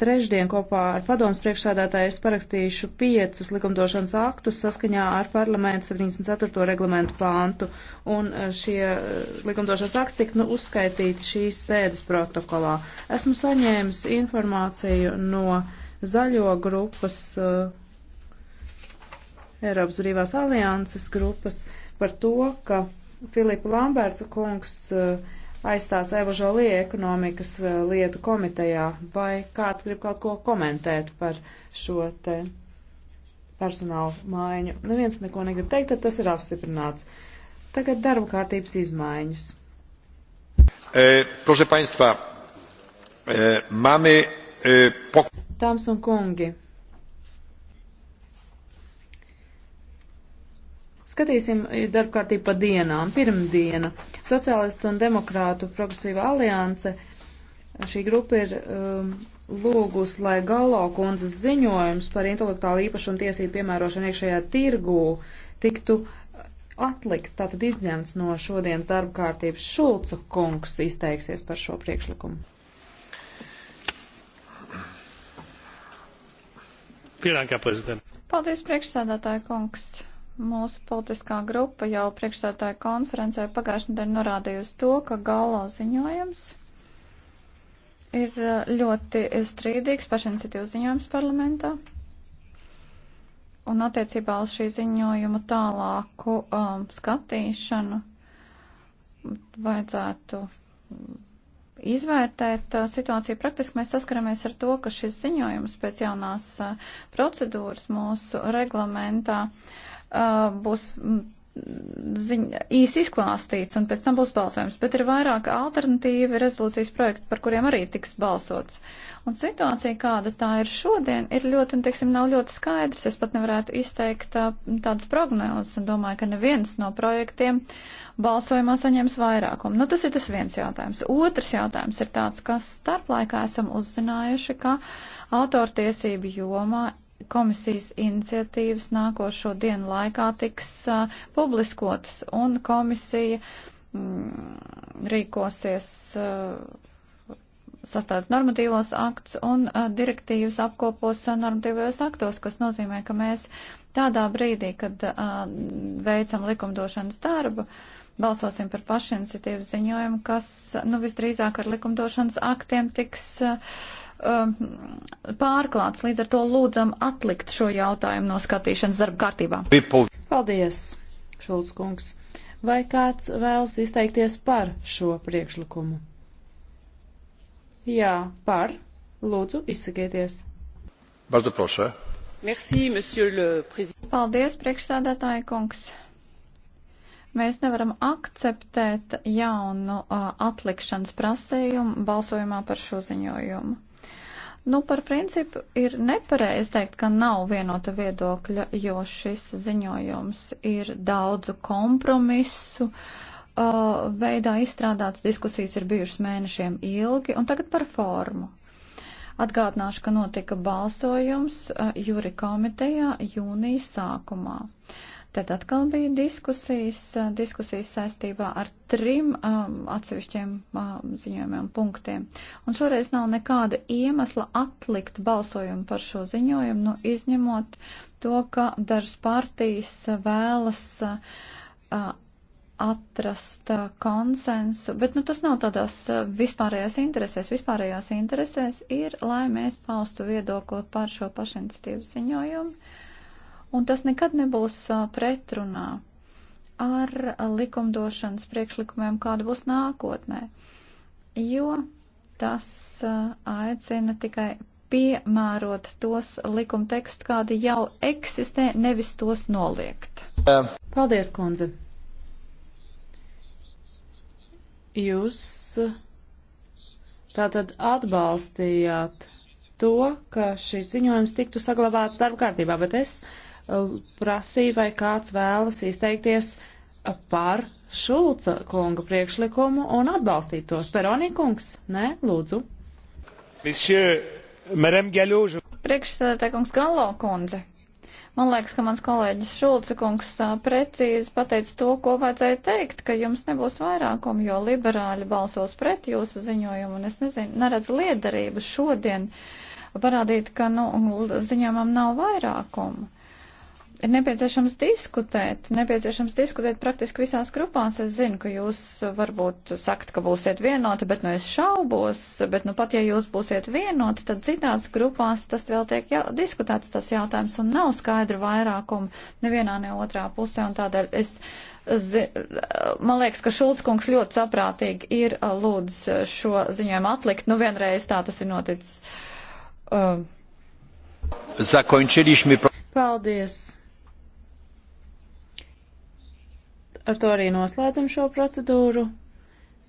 Trešdien kopā ar padomus priekšsādātāju es parakstīšu piecus likumdošanas aktus saskaņā ar parlamentu 74. reglamentu pāntu, un eh, šie eh, likumdošanas akti tika nu, uzskaitīti šīs sēdes protokolā. Esmu saņēmis informāciju no zaļo grupas, uh, Eiropas brīvās alianses grupas, par to, ka Filipa Lamberts kungs uh, aizstās Eva Žolī ekonomikas eh, lietu komitejā. Vai kāds grib kaut ko komentēt par šo te personālu maiņu? Neviens neko negrib teikt, tad tas ir apstiprināts. Tagad darba kārtības izmaiņas. E, proszę Państwa, e, mamy e, pok... Dāmas un kungi, Skatīsim darbkārtību pa dienām. Pirmdiena - Sociālistu un Demokrātu progresīva alianse. Šī grupa ir um, lūgus, lai Galo kundzes ziņojums par intelektuālu īpašumu tiesību piemērošanu iekšējā tirgū tiktu atlikts, tātad izņemts no šodienas darba kārtības. Šulcu kungs izteiksies par šo priekšlikumu. Pienākā prezidenta. Paldies, priekšsādātāja kungs. Mūsu politiskā grupa jau priekšstādāja konferencē pagājušajā nedēļā norādījusi to, ka galo ziņojums ir e, ļoti strīdīgs pašiniciatīvas ziņojums parlamentā. Un attiecībā uz šī ziņojuma tālāku um, skatīšanu vajadzētu izvērtēt e, situāciju. Praktiski mēs saskaramies ar to, ka šis ziņojums pēc jaunās procedūras mūsu reglamentā uh, Uh, būs mm, ziņ, īsi izklāstīts un pēc tam būs balsojums, bet ir vairāk alternatīvi rezolūcijas projekti, par kuriem arī tiks balsots. Un situācija, kāda tā ir šodien, ir ļoti, un, teiksim, nav ļoti skaidrs. Es pat nevarētu izteikt uh, tādas prognozes un domāju, ka neviens no projektiem balsojumā saņems vairākumu. Nu, tas ir tas viens jautājums. Otrs jautājums ir tāds, ka starplaikā esam uzzinājuši, ka autortiesību jomā komisijas iniciatīvas nākošo dienu laikā tiks uh, publiskotas un komisija mm, rīkosies uh, sastādot normatīvos aktus un uh, direktīvas apkopos uh, normatīvajos aktos, kas nozīmē, ka mēs tādā brīdī, kad uh, veicam likumdošanas darbu, uh, balsosim par pašiniciatīvas ziņojumu, kas nu, visdrīzāk ar likumdošanas aktiem tiks uh, pārklāts. Līdz ar to lūdzam atlikt šo jautājumu no skatīšanas darba kārtībā. Paldies, Šulc kungs. Vai kāds vēlas izteikties par šo priekšlikumu? Jā, par. Lūdzu, izsakieties. Bardzo prošē. Merci, monsieur le président. Paldies, priekšsādātāja kungs. Mēs nevaram akceptēt jaunu uh, atlikšanas prasījumu balsojumā par šo ziņojumu. Nu, par principu ir nepareizi teikt, ka nav vienota viedokļa, jo šis ziņojums ir daudzu kompromisu uh, veidā izstrādāts, diskusijas ir bijušas mēnešiem ilgi, un tagad par formu. Atgādināšu, ka notika balsojums uh, jūri komitejā jūnijas sākumā. Uh, Tad atkal bija diskusijas, diskusijas saistībā ar trim um, atsevišķiem um, ziņojumiem punktiem. Un šoreiz nav nekāda iemesla atlikt balsojumu par šo ziņojumu, nu, izņemot to, ka dažas partijas vēlas uh, atrast uh, konsensu, bet nu, tas nav tādās uh, vispārējās interesēs. Vispārējās interesēs ir, lai mēs paustu viedokli par šo pašiniciatīvu ziņojumu. Uh, un tas nekad nebūs pretrunā ar likumdošanas priekšlikumiem, kāda būs nākotnē, jo tas aicina tikai piemērot tos likuma tekstu, kādi jau eksistē, nevis tos noliegt. Paldies, kundze. Jūs tātad atbalstījāt to, ka šis ziņojums tiktu saglabāts darba kārtībā, bet es prasīja, vai kāds vēlas izteikties par Šulca kunga priekšlikumu un atbalstīt tos. Peronī kungs, nē, lūdzu. Monsieur, Madame Gallo, je... Priekšsēdētāj kungs Gallo kundze. Man liekas, ka mans kolēģis Šulca kungs precīzi pateica to, ko vajadzēja teikt, ka jums nebūs vairākumu, jo liberāļi balsos pret jūsu ziņojumu, un es nezinu, neredzu liederību šodien parādīt, ka, nu, ziņojumam nav vairākumu ir nepieciešams diskutēt, nepieciešams diskutēt praktiski visās grupās. Es zinu, ka jūs varbūt sakat, ka būsiet vienoti, bet nu es šaubos, bet nu pat ja jūs būsiet vienoti, tad citās grupās tas vēl tiek jā, diskutēts tas jautājums un nav skaidra vairākuma nevienā ne otrā pusē un tādēļ es. Zi, man liekas, ka Šulckungs ļoti saprātīgi ir lūdz šo ziņojumu atlikt. Nu, vienreiz tā tas ir noticis. Um. Zakoņčilišmi. Paldies! ar to arī noslēdzam šo procedūru.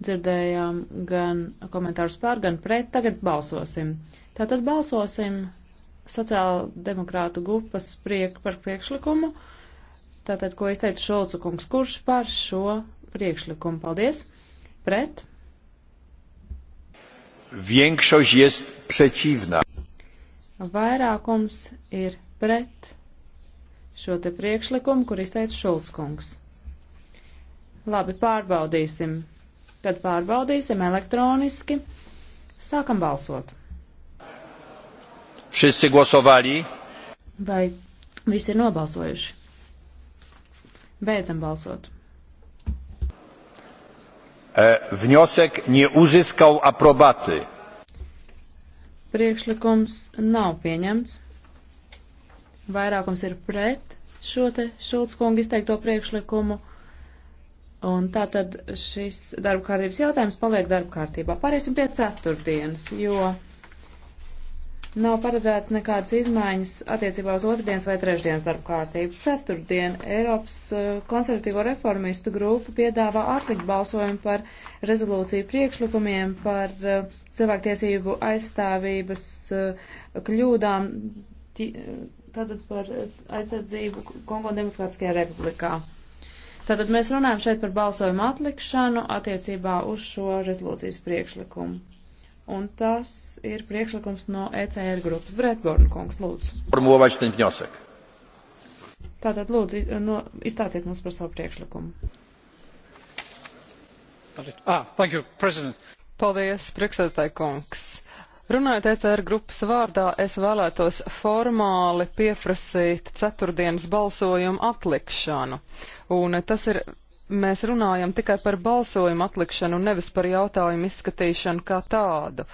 Dzirdējām gan komentārus pār, gan pret. Tagad balsosim. Tātad balsosim sociāla demokrātu grupas priek par priekšlikumu. Tātad, ko izteica Šolcu kungs, kurš par šo priekšlikumu? Paldies. Pret. Większość jest przeciwna. Vairākums ir pret šo te priekšlikumu, kur izteica Šolcu kungs. Labi, pārbaudīsim. Tad pārbaudīsim elektroniski. Sākam balsot. Wszyscy głosowali? Vai visi ir nobalsojuši? Beidzam balsot. E, wniosek nie uzyskał aprobaty. Priekšlikums nav pieņemts. Vairākums ir pret šo te Šulc kungu izteikto priekšlikumu. Un tātad šis darba kārtības jautājums paliek darba kārtībā. Pāriesim pie ceturtdienas, jo nav paredzēts nekādas izmaiņas attiecībā uz otrdienas vai trešdienas darba kārtību. Ceturtdien Eiropas uh, konservatīvo reformistu grupa piedāvā atlikt balsojumu par rezolūciju priekšlikumiem par uh, cilvēktiesību aizstāvības uh, kļūdām, tātad par aizsardzību Kongo Demokrātiskajā republikā. Tātad mēs runājam šeit par balsojumu atlikšanu attiecībā uz šo rezolūcijas priekšlikumu. Un tas ir priekšlikums no ECR grupas. Bretborn kungs, lūdzu. Tātad, lūdzu, no, izstāstiet mums par savu priekšlikumu. Ah, thank you, President. Paldies, priekšsēdētāji kungs. Runājot ECR grupas vārdā, es vēlētos formāli pieprasīt ceturtdienas balsojumu atlikšanu. Un tas ir mēs runājam tikai par balsojumu atlikšanu, nevis par jautājumu izskatīšanu kā tādu.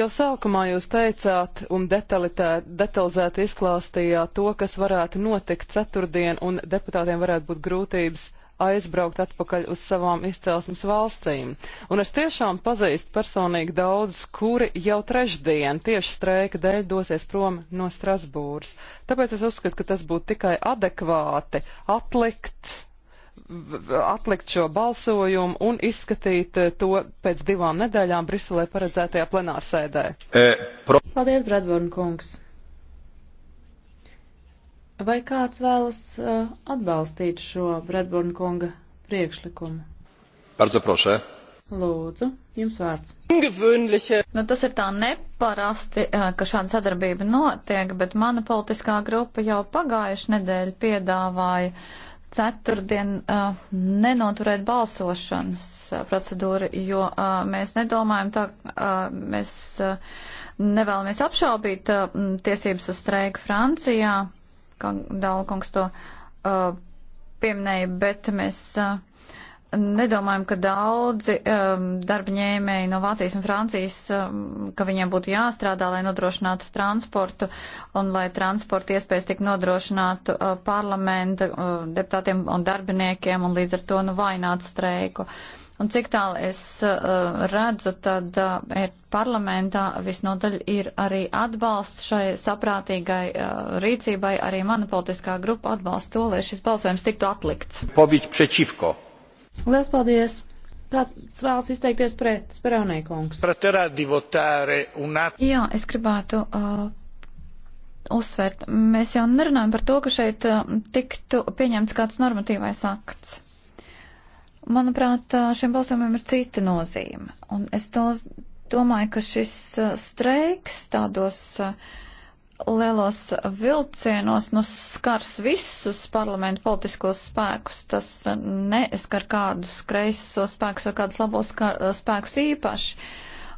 Jau sākumā jūs teicāt un detalizēti izklāstījāt to, kas varētu notikt ceturtdien, un deputātiem varētu būt grūtības aizbraukt atpakaļ uz savām izcelsmes valstīm. Un es tiešām pazīstu personīgi daudzus, kuri jau trešdien tieši streika dēļ dosies prom no Strasbūras. Tāpēc es uzskatu, ka tas būtu tikai adekvāti atlikt atlikt šo balsojumu un izskatīt eh, to pēc divām nedēļām Briselē paredzētajā plenārsēdē. E, pro... Paldies, Bradburn kungs! Vai kāds vēlas uh, atbalstīt šo Bredborna kunga priekšlikumu? Bardzo prošē. Lūdzu, jums vārds. Nu, tas ir tā neparasti, uh, ka šāda sadarbība notiek, bet mana politiskā grupa jau pagājuši nedēļu piedāvāja ceturtdien uh, nenoturēt balsošanas uh, procedūru, jo uh, mēs nedomājam tā, uh, mēs uh, nevēlamies apšaubīt uh, tiesības uz streiku Francijā. Dālkungs to uh, pieminēja, bet mēs uh, nedomājam, ka daudzi um, darbņēmēji no Vācijas un Francijas, um, ka viņiem būtu jāstrādā, lai nodrošinātu transportu un lai transporta iespējas tik nodrošinātu uh, parlamenta uh, deputātiem un darbiniekiem un līdz ar to nu vainātu streiku. Un cik tālu es uh, redzu, tad uh, parlamentā visnotaļ ir arī atbalsts šai saprātīgai uh, rīcībai, arī mana politiskā grupa atbalsta to, lai šis balsojums tiktu atlikts. Pović prečivko. Lielas paldies! Kāds vēlas izteikties pret Sperānēkungs? Jā, es gribētu. Uh, uzsvērt. Mēs jau nerunājam par to, ka šeit uh, tiktu pieņemts kāds normatīvais akts. Manuprāt, šiem balsojumiem ir cita nozīme. Un es to domāju, ka šis streiks tādos lielos vilcienos nu, skars visus parlamentu politiskos spēkus. Tas neskar kādus kreisos spēkus vai kādus labos spēkus īpaši.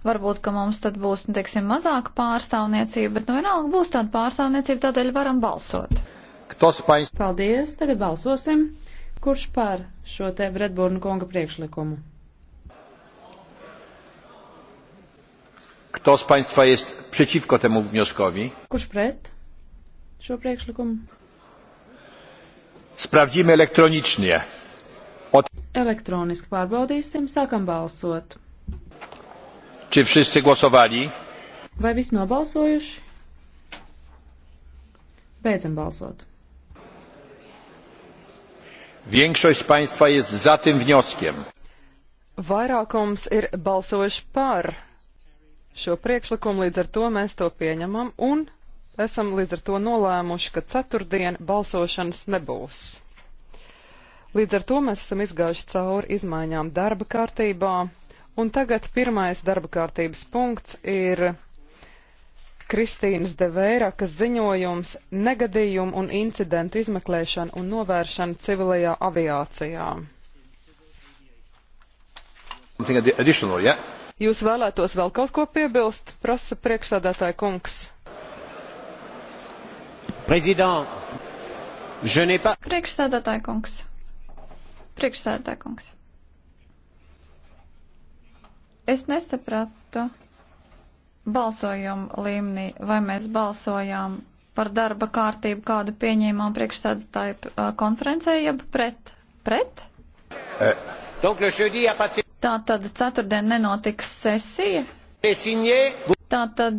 Varbūt, ka mums tad būs, nu, teiksim, mazāka pārstāvniecība, bet nu vienalga būs tāda pārstāvniecība, tādēļ varam balsot. Paldies, tagad balsosim. Kurš par šo te Bredborna kunga priekšlikumu? Kto z Państwa jest przeciwko temu wnioskowi? Kurz pret? Šo priekšlikumu? Sprawdzimy elektronicznie. Ot... Elektroniski pārbaudīsim, sākam balsot. Czy wszyscy głosowali? Vai visi nobalsojuši? Beidzam balsot. Większość z Państwa jest za tym wnioskiem. Vairākums ir balsojuši par šo priekšlikumu, līdz ar to mēs to pieņemam un esam līdz ar to nolēmuši, ka ceturtdien balsošanas nebūs. Līdz ar to mēs esam izgājuši cauri izmaiņām darba kārtībā, un tagad pirmais darba kārtības punkts ir Kristīnas Devērakas ziņojums negadījumu un incidentu izmeklēšana un novēršana civilajā aviācijā. Yeah? Jūs vēlētos vēl kaut ko piebilst, prasa priekšsādātāja kungs. Pa... Priekšsādātāja kungs. Priekšsādātāja kungs. Es nesapratu balsojumu līmenī, vai mēs balsojām par darba kārtību, kādu pieņēmām priekšsēdētāju uh, konferencē, jeb pret? Pret? Eh, Tā tad ceturtdien nenotiks sesija. Tā tad